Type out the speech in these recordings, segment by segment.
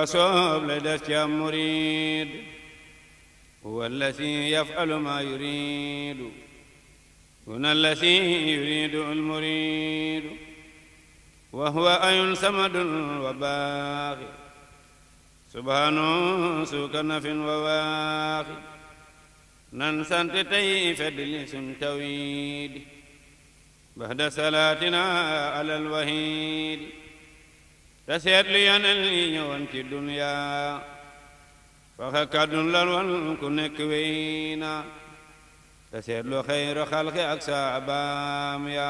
ko soob la def ca muriid huwa allati yafalu ma yuriidu huna allati yuriidu almuriidu wa huwa ayun samadun wa baaqi subhaanu suuka nafin wa waaqi nan sant tey feddli sun tawhiid baxda salaatina ala alwahiidi te seetlu yeneen yi ñëwoon ci duniyaa waxe kàddun lan wan ku nekk wéy na te seetlu xayru xalqi ak saabaam ya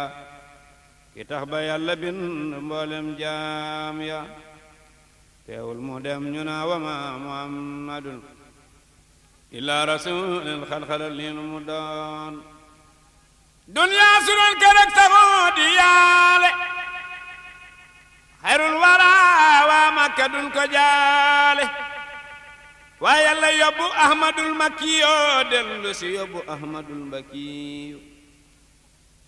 ki tax ba yàlla bind mboolem jaam ya teewul mu dem ñu naa wama muhammadun illaa rasulil xalxala lin mu doon duniyaa suroon kerek taxoo di yaale xayrul wara waa makka duñ ko jaale waaye yàlla yóbbu ahmadul makkiyo dellu si yóbbu ahmadul mbakkiyo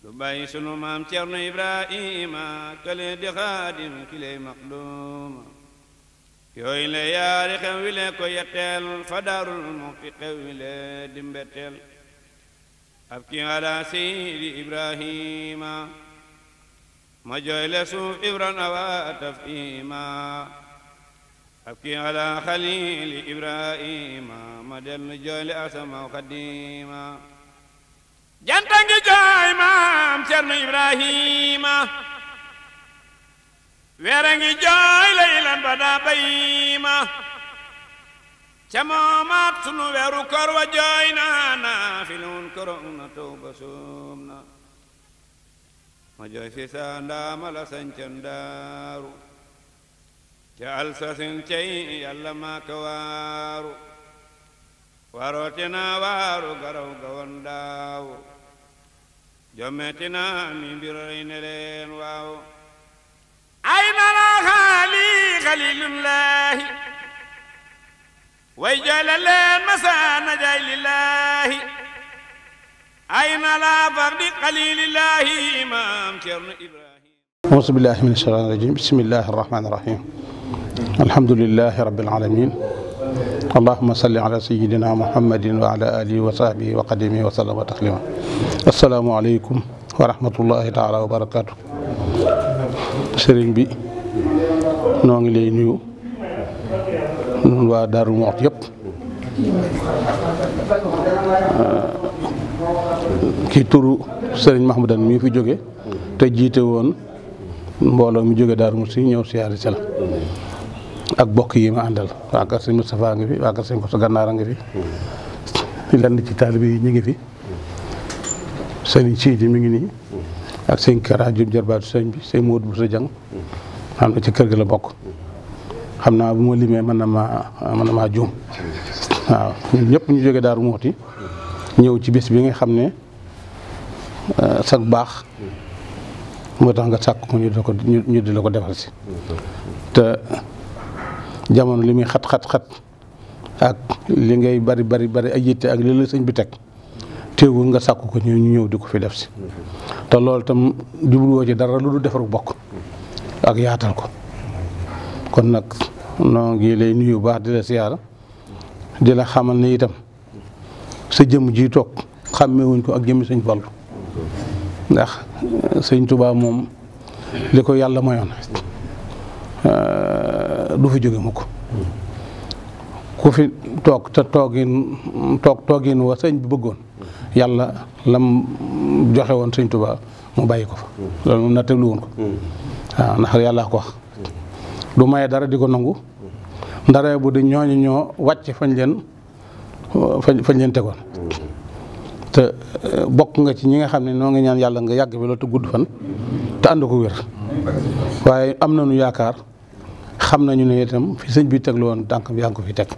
lu bàyyi sunu maam ceerno ibrahima kële di xaadim kiley maxduma yooyu le yaari xew ko yetteel fa daarul muxti xew wi le dimbetteel ab ki ala seydi ibrahima ma jooy le suuf ibran awa tafima abki ala xalili ibrahima ma dellu jooy le asamaw xadima janta ngi jooy maam cerno ibrahima weera ngi jooy laylan bada bayima ca moomaat sunu weeru kor wa jooy na na filun korong na tawba soom ma jooy si saa ndaama la sañcan daaru ca alsasin cay yàlla maa ka waaru waroote waaru garaw gawan daawu jommeti mi mbirëy ne leen waawu ay na la xaali xalilullaahi way jooy la leen masaa na jaay lillaahi ay na laa fardi xalilillahi maam Cerno Ibrahima auzu billahi min asheytaan rajim bismillahi arrahmani irrahim alhamdulilahi rabilalamin allahuma salli ala sayidina muhammadin wa ala alihi wa sahbihi wa qadimihi wa sallama taslima assalaamu aleykum wa rahmatullahi taala wa barakatu sëriñ bi noo ngi lay nuyu nun waa Daaru Muxti yëpp ci turu Serigne Mahmoudan mii fi jóge te jiite woon mbooloo mi jóge Darou Mousty ñëw siyaare si la ak bokk yi ma àndal waa kër Serigne Moustapha ngi fi waa kër ngi fi lenn ci taalibe yi ñu ngi fi Serigne Sidi mi ngi nii ak sëñ Kara Jum jarbaatu sëñ bi sëñ Modou Boussa Dieng xam na ci kër gi la bokk xam naa bu ma limee mën na ma mën maa juum waaw ñun ñëpp ñu jóge Darou Mousty ñëw ci bis bi nga xam ne Euh, sag baax moo tax nga sàkk ko ñu di la ko defal si te jamono li muy xat xat xat ak li ngay bari bari bari ay yitte ak li la sëñ bi teg teewul nga sàkk ko ñu ñëw di ko fi def si te loolu tam jubluwoo ci dara lu du defaru bokk ak yaatal ko kon nag noo ngi lay nuyu baax di la siyaara di la xamal ne itam sa jëm ji toog xàmmewuñ ko ak jëmmi sëñ Fallu ndax sëñ tubaa moom li ko yàlla mayoon euh, du fi jóge mukk ku fi toog te toogin toog toogin wa sëñ bu bëggoon yàlla lam joxe woon sëñ tubaa mu bàyyi ko fa loolu moom nattewlu woon ko waaw ndax yàlla ko wax du maye dara di ko nangu ndare bu di ñooñu ñoo wàcc fañ leen fañ fañ leen tegoon te euh, bokk nga ci ñi nga xam ne noo ngi ñaan yàlla nga yàgg bi loolu te gudd fan te ànd ko wér waaye am na nu yaakaar xam nañu ne itam fi sëñ bi teglu woon tànk bi yaa ngi ko fi teg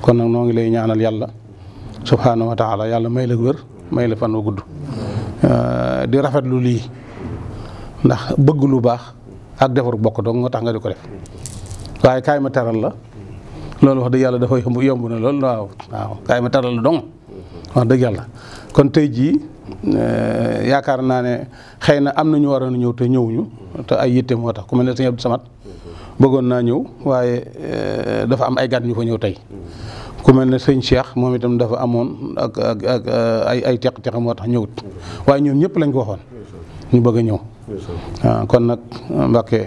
kon nag noo ngi lay ñaanal yàlla subhaanahu wa taala yàlla may la wér may la fan wa gudd euh, di rafetlu lii ndax bëgg lu baax ak defar bokk doo nga tax nga di ko def waaye kaay ma taral la loolu wax dëgg yàlla dafa yomb yomb na lool waaw waaw kaay ma taral la dong wax dëgg yàlla kon tey jii eh, yaakaar naa ne xëy na am na ñu waroon a ñëw te ñëwuñu te ay yitte moo tax ku mel ne sëñ Abdou bëggoon naa ñëw waaye eh, dafa am ay gan ñëw tey ku sëñ Cheikh moom itam dafa amoon ak ak ak eh, ay teq-teq moo tax ñëwut waaye ñoom ñëpp lañ ko waxoon ñu bëgg a ñëw waaw ah, kon nag Mbàkke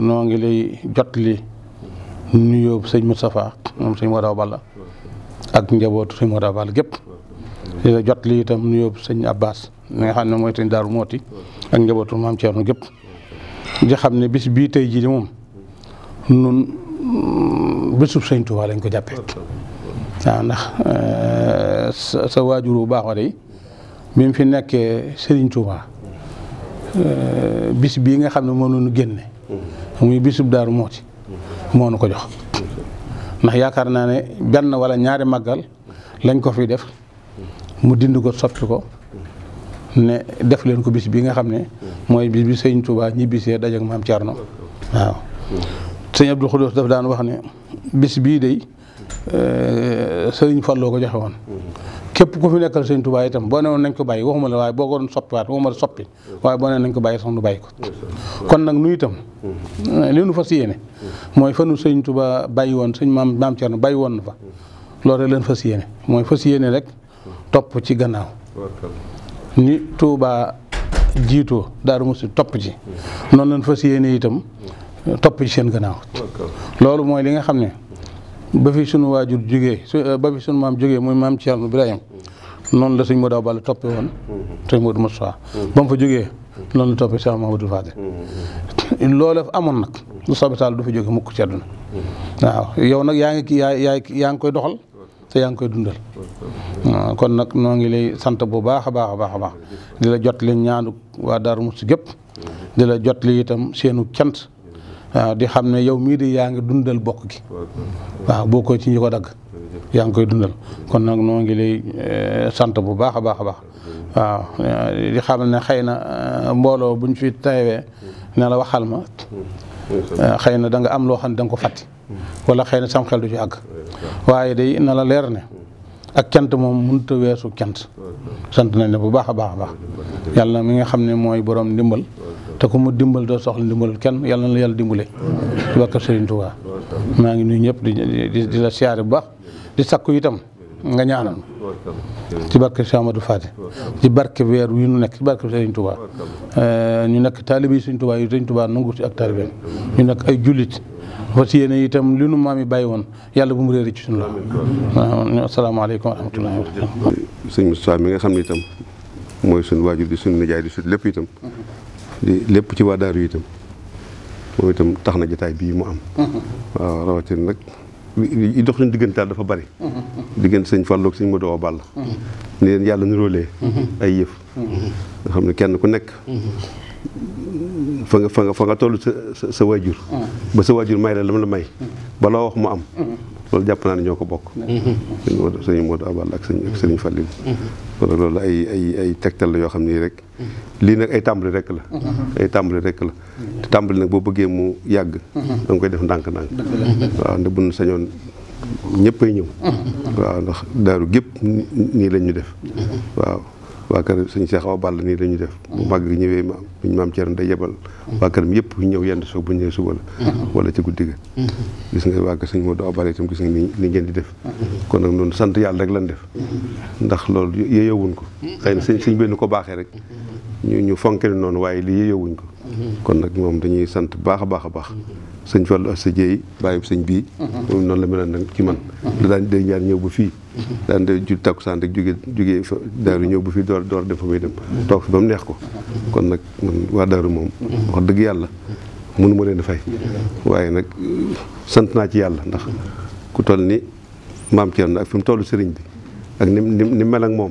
noo ngi lay jot li nuyoo sëñ Moustapha moom sëñ Wadaw Balla ak njabootu sëñ Moda Fall gépp jot li itam nuyoo sëñ Abbas mi nga xam ne mooy sëñ Daaru Mooti ak njabootu maam Thierno gépp di xam ne bis bii tey jii di moom nun bésub sëñ Touba lañ ko jàppee waaw ndax sa sa waajur bu baax yi bi mu fi nekkee Serigne Touba bis bii nga xam ne moo nu génne muy bisub Daaru Mooti moo nu ko jox ndax yaakaar naa ne benn wala ñaari màggal lañ ko fi def mu dind ko soppi ko ne def leen ko bis bi nga xam ne mooy bis bi sëñ Touba ñibbisee daje ak maam Thierno waaw sëñ Abdou Khoudous daf daan wax ne bis bii de eh, sëriñ Falloo ko joxewoon képp ku fi nekkal sëñ Tuubaa itam boo ne woon nañ ko bàyyi waxuma la waaye boo ko doon soppiwaat waxuma la soppi waaye boo ne nañ ko bàyyi sax nu bàyyi ko kon nag nu itam li nu fas yéene mooy fa nu sëñ Tuubaa bàyyi woon sëñ maam maam Cerno bàyyi woon na fa loolu leen fas yéene mooy fas yéene rek topp ci gannaaw ni Tuubaa jiitoo Daaru Musti topp ci noonu leen fas yéene itam topp ci seen gannaaw loolu mooy li nga xam ne ba fi sunu waajur jógee su eh, ba fi sunu maam jógee muy maam Thierno Birahim noonu la sëñ Modou Awa Balla toppee woon sëñ Modou Moustapha ba mu fa jógee noonu la toppee Cheikh Mahamadou Fadel mm-hmm. loola amoon nag lu sabitaal du fi jóge mukk ci àdduna mm-hmm. waaw yow nag yaa ngi kii yaa yaa yaa ngi koy doxal te yaa ngi koy dundal mm-hmm. kon nag noo ngi lay sant bu baax a baax a baax a baax di la jot li ñaanu waa Darou Mouhty gépp di la jot li itam seenu cant waaw di xam ne yow mii di yaa ngi dundal bokk gi waaw boo ko ci ñi ko dagg yaa ngi koy dundal kon nag noo ngi lay eh, sant bu baax a baax a baax waaw eh, di xam ne xëy na eh, mbooloo buñ fi tawee ne la waxal ma xëy na da am loo xam ne danga ko fàtti wala xëy na sam xel du ci àgg waaye day na la leer ne ak cant moom mënut a weesu cant sant nañ ne bu baax a baax a baax yàlla mi nga xam ne mooy boroom ndimbal te ku mu dimbal doo soxla dimbalul kenn yàlla na la yàlla dimbale ci barke Serigne Touba maa ngi nuyu ñëpp di di la siyaare bu baax di sakku itam nga ñaanal ci barke Cheikh Amadou Fati ci weer wi ñu nekk ci barke Serigne euh, ñu nekk taalibe yi Serigne Touba yi Serigne Touba nangu ci ak ñu nekk ay jullit fas yéene itam li nu maam yi bàyyi woon yàlla bu mu réer ci suñu la waaw asalaamaaleykum wa rahmatullahi wa barakatuh sëñ mi nga xam ne itam mooy suñu waajur di suñu nijaay di suñu lépp di lépp ci waa daaru itam moom itam tax na jotaay bii mu am. waaw rawatina nag li dox suñu diggante dafa bari. diggante sëñ Fallou ak sëñ Modou Awa hmm. ni leen yàlla niroolee. ay yëf. Hmm. nga xam ne kenn ku nekk. Hmm. fa nga fa nga fa nga toll sa sa waajur. ba sa waajur may la lam la may. balaa wax mu am. loolu jàpp naa ne ñoo ko bokk. sëñ Modou sëñ Abal ak sëñ ak sëñ Fallil. loolu ay tegtal la yoo xam nii rek. lii nag ay tàmbali rek la. ay tàmbali rek la. te tàmbali nag boo bëggee mu yàgg. da koy def ndànk-ndànk. waaw ndax bu ñu sañoon ñëppay ñëw. waaw ndax daaru gépp nii lañ ñu def waaw. waa kër suñu Seex Awa Balla nii la ñuy def bu màgg gi ñëwee maam buñu maam Ceerno day yebal waa këram yëpp ñu ñëw yenn soog bu ñëwee su la mm-hmm. wala ci guddi ga mm-hmm. gis nga waa kër suñu Modou Awa Balla itam gis nga ni li ngeen di def mm-hmm. kon nag noonu sant yàlla rek lan def ndax loolu yeyowuñ ko xëy na sëñ sëñ benn ko baaxee rek ñu ñu fonke noonu waaye li yeyowuñ ko kon nag moom dañuy sant baax a baax a baax sëñ Fallu la sa jéey bàyyib sëñ bii mhm. noonu la meloon nag ci man mhm. da daan day ñëw ba fii mhm. daan de ju takkusaan rek jóge jógee fa daaru ñëw ba fii door door dem fa muy dem toog fi ba mu neex ko kon nag waa daaru moom wax dëgg yàlla mënu ma leen a waaye nag uh, sant naa ci yàlla ndax ku toll ni maam Thierno fi mu toll sëriñ bi ak ni ni mel moom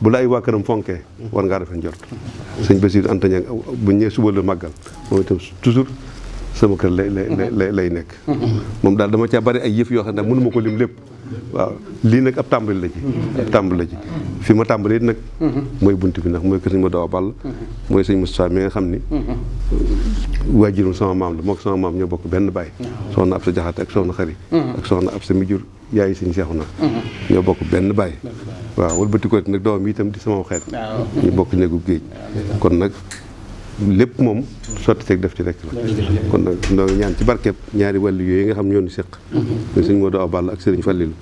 bu la ay waa këram fonkee war ngaa defee njort sëñ Bassirou Antaña bu ñëwee suba la màggal moom itam toujours sama kër lay lay lay nekk. moom daal dama caa bari ay yëf yoo xam ne mënuma ko lim lépp. waaw lii nag ab tàmbali la ci. la fi ma tàmbalee nag. mooy bunt bi ndax mooy kër sëñ ma dawa ball. mooy sëñ Moustapha mi nga xam ni. waajurum sama maam la moog sama maam ñoo bokk benn baay. soxna ab sa jaxate ak soxna xari ak soxna ab sa mijur yaay sëñ seexu na. ñoo bokk benn baay. waaw walbati ko nag doom yi tam di sama xeet. ñu bokk néegu géej kon nag. lépp moom sotti teeg def ci rek la kon nag ndoo ngi ñaan ci barkeb ñaari wàllu yooyu nga xam ñoo ñu seq muy sëñ Modou Awa Balla ak sëriñ Fallilu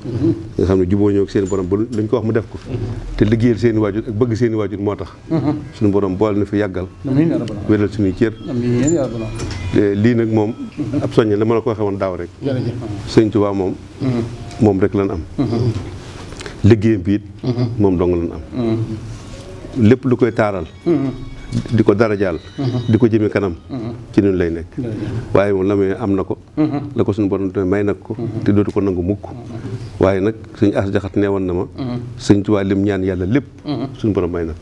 nga xam ne juboo ñoo ak seen borom ba luñ ko wax mu def ko te liggéeyal seen i waajur bëgg seen i moo tax suñu borom boole na fi yàggal wéral suñuy cër lii nag moom ab soññe la ma la ko waxee woon daaw rek sëñ Tuubaa moom moom rek lan am liggéeyam bi it mm-hmm. moom dong lan am mm-hmm. lépp lu koy taaral mm-hmm. di ko dara jaal mm-hmm. di ko jëmee kanam mm-hmm. ci ñun lay nekk mm-hmm. waaye moom la muy am na ko la ko suñu borom may nag ko te dootu ko nangu mukk waaye nag suñu as jaxat neewoon na ma sëñ Tuubaa lim ñaan yàlla lépp suñu borom may nag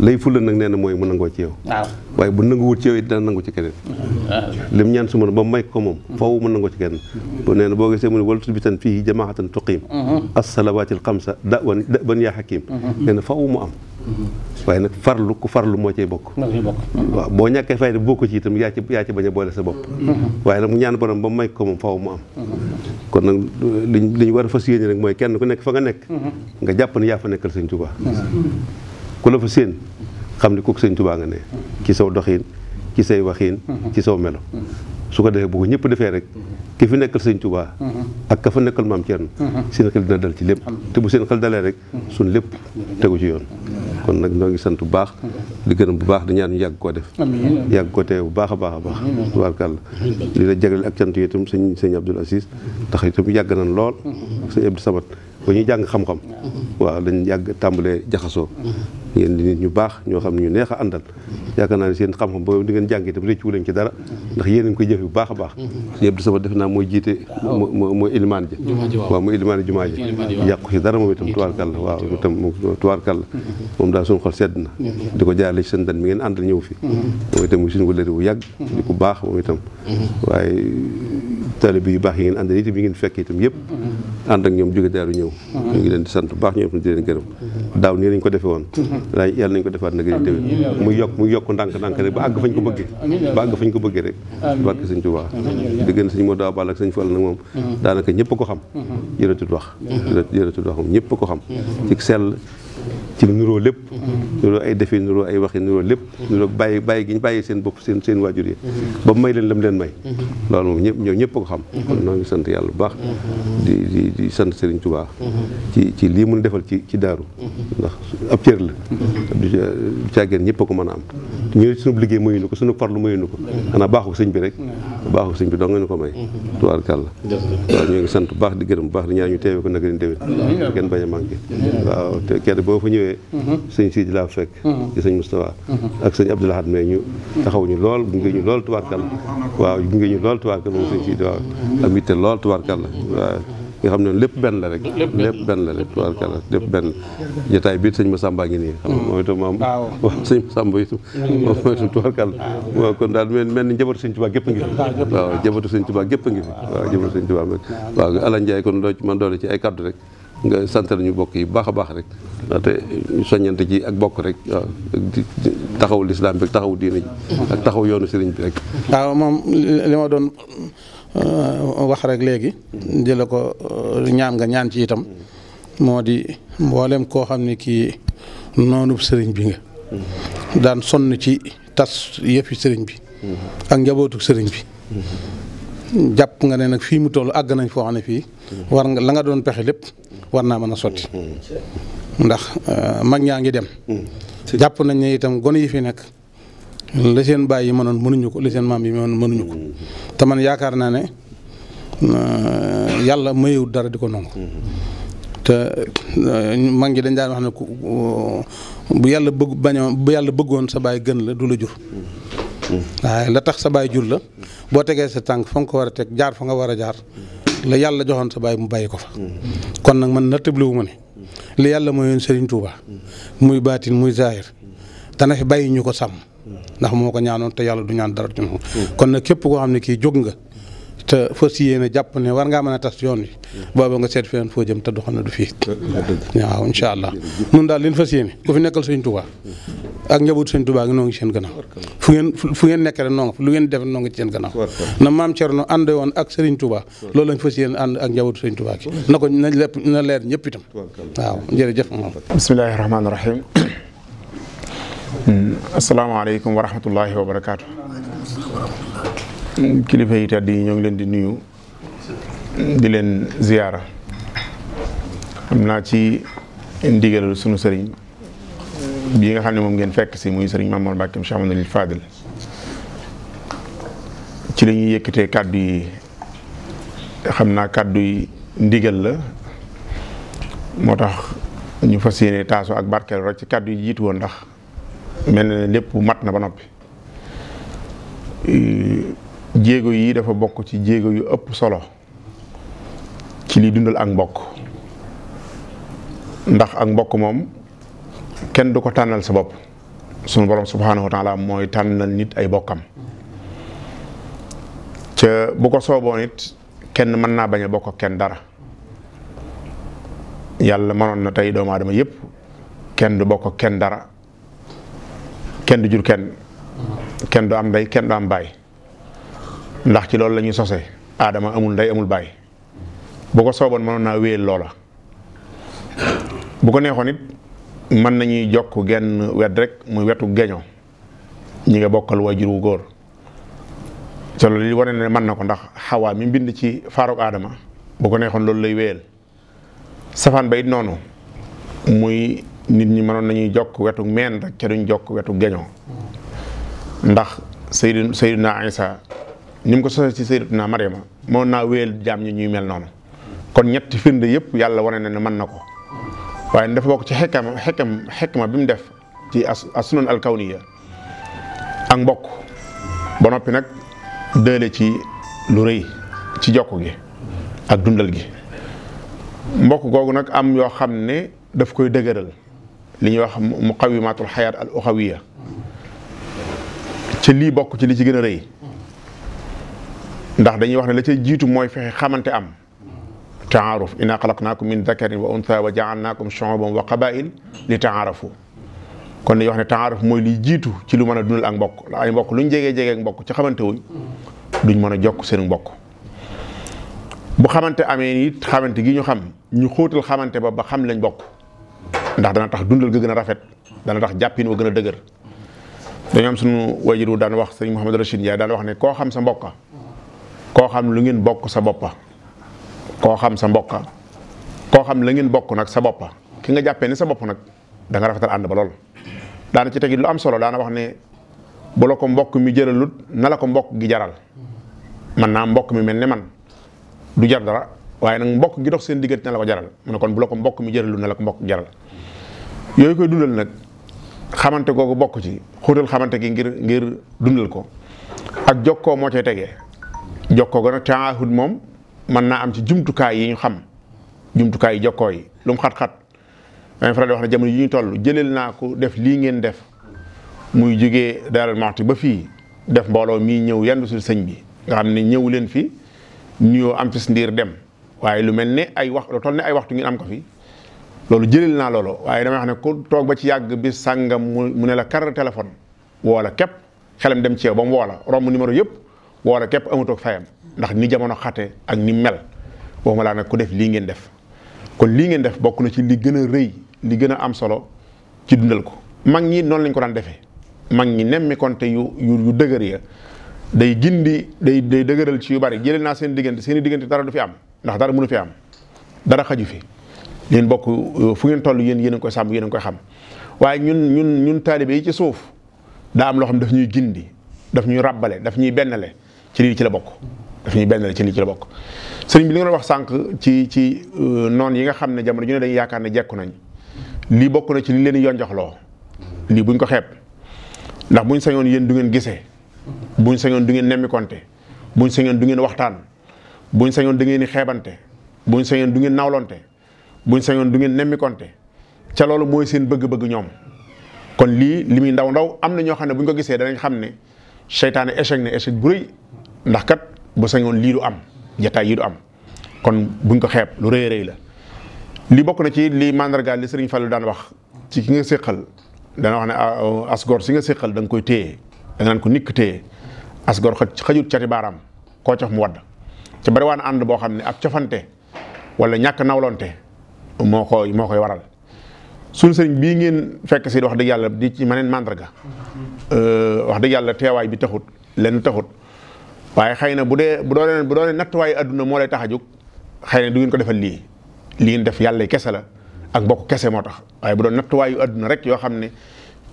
lay fulla nag nee na mooy mu nangoo ci yow waaye bu nanguwut ci yow it dana nangu ci keneen lim ñaan su ma ba mu may ko moom faw mu nangoo ci keneen bu nee na boo gisee mu ne wala tubitan fii jamaatan tuqiim mm-hmm. assalawaatil xamsa da wan da ban yaa xakiim mm-hmm. nee na faw mu am mm-hmm. waaye nag farlu ku farlu moo cay bokk waaw boo ñàkkee fayda boo ko ci itam yaa yaa ci bañ a bopp waaye nag mu borom ba mu may ko moom faw mu am kon nag liñ li ñu war a fas yéene rek mooy kenn ku nekk fa nga nekk nga jàpp ne yaa fa nekkal Sëñ Tuubaa ku la fa séen xam ni kooku sëñ tubaa nga ne ci saw doxiin ci say waxiin mhm. ci saw melo mhm. su ko defee bu ko ñëpp defee rek mhm. ki fi nekkal sëñ tubaa ak ka fa nekkal maam Thierno seen xel dina dal ci lépp te bu seen xel dalee rek suñ lépp tegu ci yoon kon nag ñoo ngi sant bu baax di gërëm bu baax di yàgg koo def yàgg ko teew bu baax a baax a baax tubaarkàlla li la jagleel ak cant yi itam sëñ sëñ Abdoul Aziz ndax itam yàgg nañ lool sëñ Abdou Samad boo ñuy jàng xam-xam waaw dañ yàgg tàmbalee jaxasoo ngeen di ñu baax ñoo xam ne ñu neex a àndal yaakaar naa ne seen xam-xam boo di ngeen jàng tam réccu leen ci dara ndax yéen a ngi koy jëf baax a baax ñëpp mm-hmm. di sama def naa mooy jiite moo ilimaan ji waaw mooy ilimaan jumaa ji yàqu ci dara moom itam tubaarkàlla waaw itam tubaarkàlla mm-hmm. moom daal suñu xol sedd na mm-hmm. di ko jaar ci seen dan mi ngeen àndal ñëw fi moom itam suñu wëlëri bu yàgg di ko baax moom itam waaye bi yu baax yi ngeen àndal itam yi ngeen fekk itam yëpp ànd ak ñoom jóge daaru ñëw ñu ngi leen di sant bu baax ñoom di leen gërëm daaw ko defee woon laaj nañ ko defaat nag yi tamit muy yokk muy yokk ndànk-ndànk rek ba àgg fañ ko bëggee ba àgg fañ ko bëggee rek barke sëñ Tuubaa diggante sëñ ba Abal ak sëñ Fall nag moom daanaka ñëpp ko xam jërëtut wax jërëtut wax moom ñëpp ko xam ci sell ci nuroo lépp mm-hmm. nuroo ay defee nuroo ay waxi nuroo lépp mm-hmm. nuroo bàyyi bàyyi gi seen bopp seen seen waajur yi mm-hmm. ba may leen lam leen may loolu moom ñëpp ñoo ñëpp ko xam kon noo ngi sant yàlla bu baax di di di sant Serigne Touba ci ci lii mun defal ci ci daaru ndax ab cër la du càggeen ñëpp a ko mën a am ñu sunu liggéey mayuñu ko sunu farlu mayuñu ko xanaa baaxu sëñ bi rek baaxu sëñ bi doo nga ñu ko may tubaarkàlla waaw ñoo ngi sant baax di gërëm baax di ñaan ñu teewee ko nag leen déwén kenn bañ a manqué waaw te kenn boo fa ñëwee mhm. sëñ Sidi laa fekk ci mhm. sëñ Moustapha mhm. ak sëñ Abdou Lahad mais ñu taxaw ñu lool bu ngee ñu lool tubaarkàlla waaw bu ngee ñu lool tubaarkàlla moom sëñ Sidi waaw am lool tubaarkàlla waaw nga xam ne lépp benn la rek lépp benn la rek tubaarkàlla lépp benn jotaay biir sëñ Massamba ngi nii xam moom itam maam waaw sëñ Massamba itam moom mooy itam tubaarkàlla waaw kon daal mel mel ni njabootu sëñ Tuubaa gépp a ngi fi waaw njabootu sëñ Tuubaa gépp a ngi fi waaw njabootu sëñ Tuubaa waaw nga Ala Njaay kon doo ci man doole ci ay kàddu rek nga sant ñu bokk yi baax a baax rek te soññante ji ak bokk rek waaw taxawu lislaam bi ak taxawu diine ji ak taxaw yoonu sëriñ bi rek waaw moom li ma doon Euh, wax rek léegi di la ko euh, ñaam nga ñaan ci itam moo di mboolem koo xam ne kii noonub sëriñ bi nga daan sonn ci tas yëfi sëriñ bi ak njabootu sëriñ bi jàpp nga ne nag fii mu toll àgg nañ foo xam ne fii war nga la nga doon pexe lépp war naa mën a sotti ndax euh, mag ñaa ngi dem mm. jàpp nañ ne itam gone yi fi nekk la seen baay yi mënoon mënuñu ko la seen maam yi mënoon mënuñu ko te man yaakaar naa ne yàlla mayewut dara di ko nangu te eh, mag ñi dañ daan wax ne ku bu yàlla bëgg bañoon bu yàlla bëggoon sa baay gën la du la jur waaye la tax sa baay jur la boo tegee sa tànk fa nga ko war a teg jaar fa nga war a jaar la yàlla joxoon sa baay mu bàyyi ko fa kon nag man nattabliwu ma ne li yàlla mayoon Serigne Touba muy baatin muy zaahir dana fi bàyyi ñu ko sàmm ndax moo ko ñaanoon te yàlla du ñaan dara ci noonu hmm. kon nag képp koo xam ne kii jóg nga te fas yéene jàpp ne war ngaa mën a tas yoon wi hmm. booba nga seet feneen foo jëm te du xam ne du fii hmm. waaw incha allah nun daal liñ fas yéene ku fi nekkal sëñ Tuubaa ak njaboot sëñ Tuubaa ngi noo ngi seen gannaaw fu ngeen fu ngeen nekk rek noo nga lu def noo ngi seen gannaaw na maam Cerno ànd woon loolu lañ fas yéene ànd ak njaboot sëñ Tuubaa gi na leer ñëpp itam waaw jërëjëf moom bismillahi Hmm. asalaamaaleykum wa rahmatullahi wa barakaatu. Hmm, kilifa yi tedd yi ñoo ngi leen di nuyu. di leen ziyaara. xam naa ci ndigal sunu sëriñ. bi nga xam ne moom ngeen fekk si muy sëriñ Mamour Mbacke Cheikh Amadou Fadil ci la ñuy yëkkatee kàddu yi xam naa kàddu yi ndigal la moo tax ñu fas yéene taasu ak barkeel rek ci kàddu yi jiitu woon ndax. mel na lépp mat na ba noppi euh, jéego yi dafa bokk ci jéego yu ëpp solo ci liy dundal ak mbokk ndax ak mbokk moom kenn du ko tànnal sa bopp sunu borom subhaanahu wa taala mooy tànnal nit ay bokkam ca bu ko sooboo nit kenn mën naa bañ bokk kenn dara yàlla mënoon na tey doomu aadama yépp kenn du bokk kenn dara kenn du jur kenn kenn du am ndey kenn du am baay ndax ci loolu lañuy sose aadama amul ndey amul baay bu ko sooboon mënoon naa wéyal loola bu ko neexoon it mën nañuy jokk genn wet rek muy wetu geño ñi nga bokkal waajur wu góor te loolu li wane mën na ko ndax xawaa mi mbind ci faaruk aadama bu ko neexoon loolu lay wéyal safaan ba it noonu muy nit ñi mënoon nañuy jokk wetu meen rek ca jokk wetu geñoo ndax sayyidu sayyiduna Isa ni mu ko sosee ci sayyidatuna Maryama moo naa wéyal jaam ñuy mel noonu kon ñetti firnde yëpp yàlla wane na ne mën na ko waaye dafa bokk ci xekkam xekkam bi mu def ci as-sunan al-kawniya ak mbokk ba noppi nag dële ci lu rëy ci jokk gi ak dundal gi mbokk googu nag am yoo xam ne daf koy dëgëral li ñuy wax muqawimatul xayaat al uxawiya ci lii bokk ci li ci gën a rëy ndax dañuy wax ne la ca jiitu mooy fexe xamante am taaruf inna xalaqnaakum min dakarin wa untha wa jaalnaakum shuuban wa qabail li taarafu kon dañuy wax ne taaruf mooy liy jiitu ci lu mën a dundal ak mbokk lu mbokk jege jegee jegee ci xamante wuñ luñ mën a jokk seen mbokk bu xamante amee it xamante gi ñu xam ñu xóotal xamante ba ba xam lañ bokk ndax dana tax dundal ga gën a rafet dana tax jàppin wa gën a dëgër dañoo am sunu wajiru daan wax sëñ Mouhamadou Rachid Ndiaye daan wax ne koo xam sa mbokka koo xam lu ngeen bokk sa boppa koo xam sa mbokka koo xam la ngeen bokk nag sa boppa ki nga jàppee ni sa bopp nag danga nga rafetal ànd ba lool daana ci tegit lu am solo daana wax ne buloo ko mbokk mi jëralut na la ko mbokk gi jaral man naa mbokk mi mel ne man du jar dara waaye nag mbokk gi dox seen diggante na la kon bu la ko mbokk mi jëralut na la ko mbokk jaral yooyu koy dundal nag xamante googu bokk ci xóotal xamante gi ngir ngir dundal ko ak jokkoo moo cay tegee jokkoo ga nag taahud moom mën naa am ci jumtukaay yi ñu xam jumtukaay yi jokkoo yi lu mu xat-xat dañu faral di ne jamono yi ñu toll jëleel naa ko def lii ngeen def muy jógee Daaru Muxti ba fii def mbooloo mii ñëw yandu sul sëñ bi nga xam ne ñëw leen fi nuyoo am fis ndiir dem waaye lu mel ne ay wax lu toll ne ay waxtu ngeen am ko fi loolu jëlil naa loolu waaye damay xam ne ku toog ba ci yàgg bi sàngam mu ne la kar téléphone woo la képp xelam dem ci ba mu woo la romb numéro yëpp woo la képp amatoog fayam ndax ni jamono xate ak ni mel ma laa nag ku def lii ngeen def kon lii ngeen def bokk na ci li gën a rëy li gën a am solo ci dundal ko mag ñi noonu lañ ko daan defee mag ñi nemmi konte yu yu dëgër ya day gindi day day dëgëral ci yu bari jëlee naa seen diggante seen i diggante dara du fi am ndax dara mënu fi am dara xaju fi yéen bokk euh, fu ngeen toll yéen yéen a ngi koy koy xam waaye ñun ñun ñun taalibe yi suuf daa am loo xam daf ñuy gindi daf ñuy ràbbale daf ñuy bennale ci lii ci la bokk daf ñuy ci lii ci la bokk sëriñ bi wax sànq ci ci euh, noonu yi nga xam ne jamono ju ne yaakaar ne jekku nañ lii bokk na ci li leen di yonjoxloo buñ ko xeeb ndax buñ sañoon yéen du ngeen gisee buñ sañoon du ngeen nemmikonte buñ sañoon du ngeen waxtaan buñ sañoon da ngeen di xeebante buñ sañoon du ngeen nawlonte buñ sañoon du ngeen nemmi konte ca loolu mooy seen bëgg-bëgg ñoom kon lii li muy ndaw ndaw am na ñoo xam ne bu ñu ko gisee danañ xam ne seytaane échec na échec bu rëy ndax kat bu sañoon lii du am jataay yi du am kon buñ ko xeeb lu rëy rëy la. lii bokk na ci li mandargaal li Serigne Fallou daan wax ci ki nga séqal dana wax ne ah, euh, asgor si nga séqal da nga koy téye da nga naan ko nikk téye asgor xajut cati baaraam koo cof mu wadd ca bari waan ànd boo xam ne ab cofante wala ñàkk nawlonte moo ko moo koy waral suñ sëriñ bii ngeen fekk si wax dëgg yàlla di ci maneen màndarga euh, wax dëgg yàlla teewaay bi taxut lenn taxut waaye xëy na bu dee bu doonee bu doonee nattuwaayu àdduna moo lay tax a jóg xëy na du ngeen ko defal lii li ngeen def yàlla kese la ak mbokk kese moo tax waaye bu doon nattuwaayu adduna rek yoo xam ne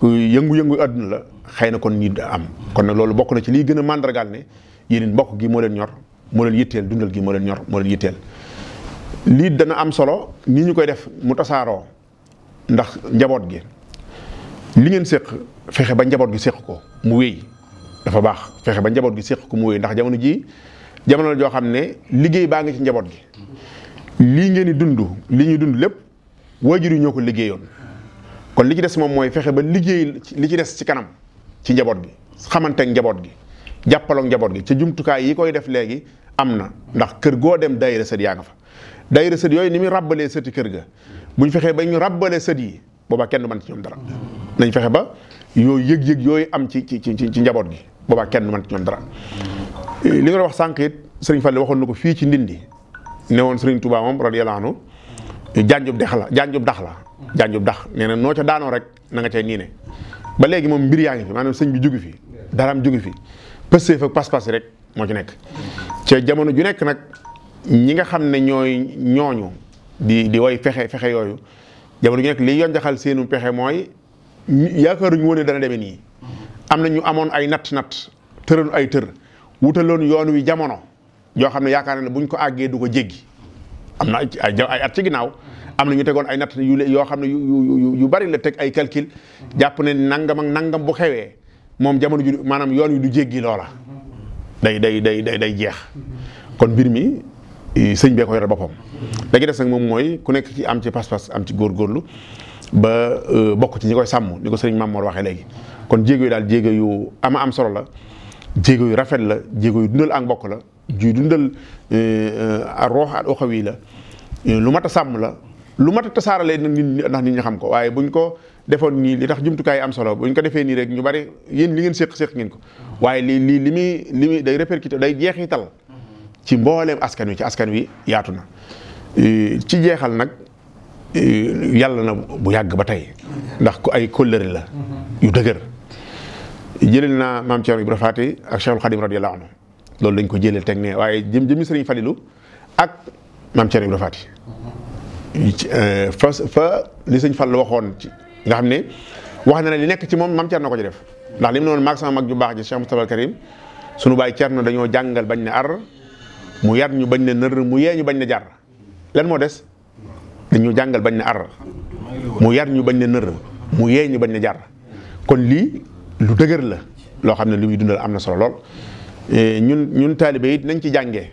ku yëngu-yëngu àdduna la xëy na kon ñi am kon nag loolu bokk na ci lii gën a màndargaal ne yéen mbokk gi moo leen ñor moo leen dundal gi moo leen ñor moo leen lii dana am solo nii ñu koy def mu tasaaroo ndax njaboot gi li ngeen séq fexe ba njaboot gi séq ko mu wéy dafa baax fexe ba njaboot gi séq ko mu wéy ndax jamono ji jamono joo xam ne liggéey baa ngi ci njaboot gi lii ngeen di dund li ñuy dund lépp waajur yi ñoo ko liggéeyoon kon li ci des moom mooy fexe ba liggéey li ci des ci kanam ci njaboot gi xamanteeg njaboot gi jàppaloog njaboot gi ca jumtukaay yi koy def léegi am na ndax kër goo dem daayira reset yaa nga daayira sët yooyu ni muy ràbbalee sëti kër ga buñ fexee ba ñu ràbbalee sët yi boobaa kenn du mën ci ñoom dara nañ fexe ba yooyu yëg-yëg yooyu am ci ci ci ci njaboot gi boobaa kenn du mën ci ñoom dara eh, li nga wax sànq it sëriñ Fallé waxoon na ko fii ci ndindi ne woon sëriñ Touba moom radiyallahu anhu jaanjub dex la jaanjub dax la jaanjub dax nee na noo ca daanoo rek na nga cay nii ba léegi moom mbir yaa ngi fi maanaam sëñ bi jóge fi am jóge fi pëstéef ak pas-pas rek moo ci nekk ca jamono ju nekk nag ñi nga xam ne ñooy ñooñu di di way fexe fexe yooyu jamono gi nekk liy yonjaxal seenu pexe mooy yaakaar yaakaaruñu woon ne dana deme nii. am na ñu amoon ay natt natt tëranu ay tër wutaloon yoon wi jamono yoo xam ne yaakaar na buñ ko àggee du ko jéggi am na ay at ginnaaw. am na ñu tegoon ay natt yu yoo xam ne yu yu bari la teg ay calcul jàpp ne nangam ak nangam bu xewee moom jamono ju maanaam yoon wi du jéggi loola day day day day day jeex kon mbir mi sëñ bee ko yore boppam léegi des nag moom mooy ku nekk ci am ci pas-pas am ci góor góorlu ba euh, bokk ci ñi koy sàmm ni ko sëriñ Mamoor waxee léegi kon jéego yi daal jéego yu ama am solo la jéego yu rafet la jéego yu dundal ak mbokk la juy dundal euh, roox al uxawi la lu mat a sàmm la lu mat a tasaaralee nit ñi ndax nit ñi xam ko waaye bu ñu ko defoon nii li tax jumtukaay am solo bu buñ ko defee nii rek ñu bari yéen li ngeen séq séq ngeen ko waaye lii li li muy li muy day répercuté day jeexital ci mbooleem askan wi ci askan wi yaatu na e, ci jeexal nag e, yàlla na bu yàgg ba tey ndax ay kóllëre la yu dëgër jëleel naa maam Thierno Ibra Faati ak Cheikhul Khadim radiyallahu anhu loolu dañ ko jëlee teg waaye jëm jëmi Sëriñ Falilu ak maam Thierno Ibra Faati e, fa fa li sëñ Fall waxoon ci nga xam ne wax na ne li nekk ci moom maam Thierno ko ci def ndax li mu ne woon maag sama mag ju baax ji Cheikh Moustapha Karim sunu baay Thierno dañoo jàngal bañ ne ar mu yar ñu bañ ne nër mu yee ñu bañ ne jar lan moo des dañu jàngal bañ ne ar mu yar ñu bañ ne nër mu yee ñu bañ ne jar kon lii lu dëgër la loo xam ne lu muy dundal am na solo lool eh, ñun ñun taalibe yi nañ ci jànge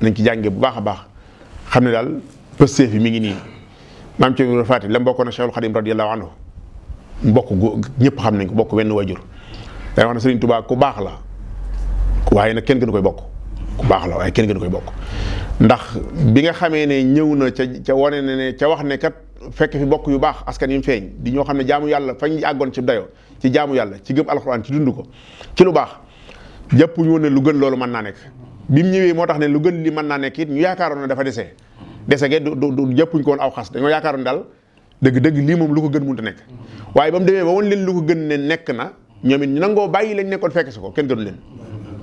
nañ ci jàngee bu baax a baax xam ne daal pësteef fi mu ngi nii maam ci Faati la mbokkoon ak Cheikhul Khadim radiyallahu anhu mbokk ñëpp xam nañ ko bokk wenn wajur day wax ne Sëriñ Tuubaa ku baax la waaye nag kenn gënu koy bokk ku baax la waaye kenn gën koy bokk ndax bi nga xamee ne ñëw na ca ca wane ne ne ca wax ne kat fekk fi bokk yu baax askan yu feeñ di ñoo xam ne jaamu yàlla fañ àggoon ci dayoo ci jaamu yàlla ci gëm alxuraan ci dund ko ci lu baax jàpp ñu woon ne lu gën loolu mën naa nekk bi mu ñëwee moo tax ne lu gën li mën naa nekk ñu yaakaaroon ne dafa desee dese ge du du jàppuñ ko woon aw xas dañoo yaakaaroon daal dëgg-dëgg lii moom lu ko gën mënut a nekk waaye ba mu demee ba woon leen lu ko gën ne nekk na ñoom it nangoo bàyyi lañ nekkoon fekk si ko kenn gënu leen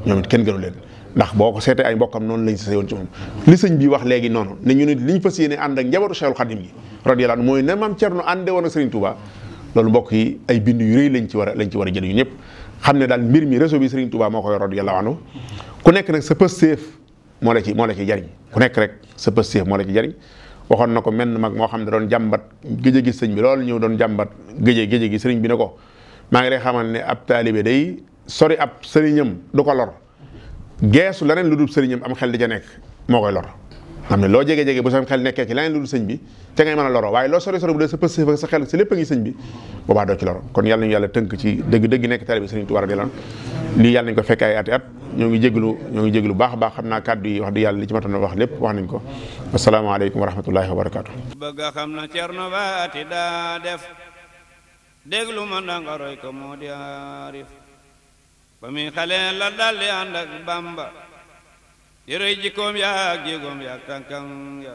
ñoom kenn gënu leen ndax boo ko seetee ay mbokkam noonu lañ sëyoon ci moom li sëñ bi wax léegi noonu ne ñu nit li ñu fas yéene ànd ak njabootu Cheikhul Khadim gi radiyallahu mooy ne maam Cerno ànde woon ak Sëriñ Touba loolu mbokk yi ay bind yu rëy lañ ci war a lañ ci war a jël ñu ñëpp xam ne daal mbir mi réseau bi Sëriñ Touba moo ko yor radiyallahu anhu ku nekk rek sa pësteef moo la ci moo la ci jariñ ku nekk rek sa pësteef moo la ci jariñ waxoon na ko menn mag moo xam ne doon jàmbat gëj a gis sëñ bi loolu ñëw doon jàmbat gëj gëj gi sëriñ bi ne ko maa ngi lay xamal ne ab taalibe day sori ab sëriñam du ko lor geesu leneen lu dul sëriñam am xel di ca nekk moo koy lor xam ne loo jege-jege bu sam xel nekkee ci leneen lu dul sëñ bi te ngay mën a loro waaye loo sori sori bu dee sa pësif sa xel si lépp a ngi sëñ bi boobaa doo ci loro kon yàlla nañu yàlla tënk ci dëgg dëgg nekk tali bi sëriñ Tuubaa di lan lii yàlla nañ ko fekk ati at ñoo ngi jéglu ñoo ngi jéglu baax a baax xam naa kàddu yi wax di yàlla li ci matoon na wax lépp wax nañ ko asalaamaaleykum wa rahmatullahi wa barakaatu bëgg a ba muy xale la daldi ànd ak bamba yërëy jikkoom yaak jéegoom yaak tànkam ya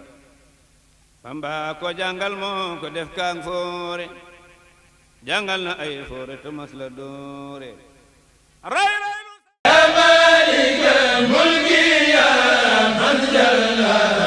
bamba ko jàngal moo ko def kaang foore jàngal na ay foore tomas la doore ray ray ya maalika mulki ya man jalla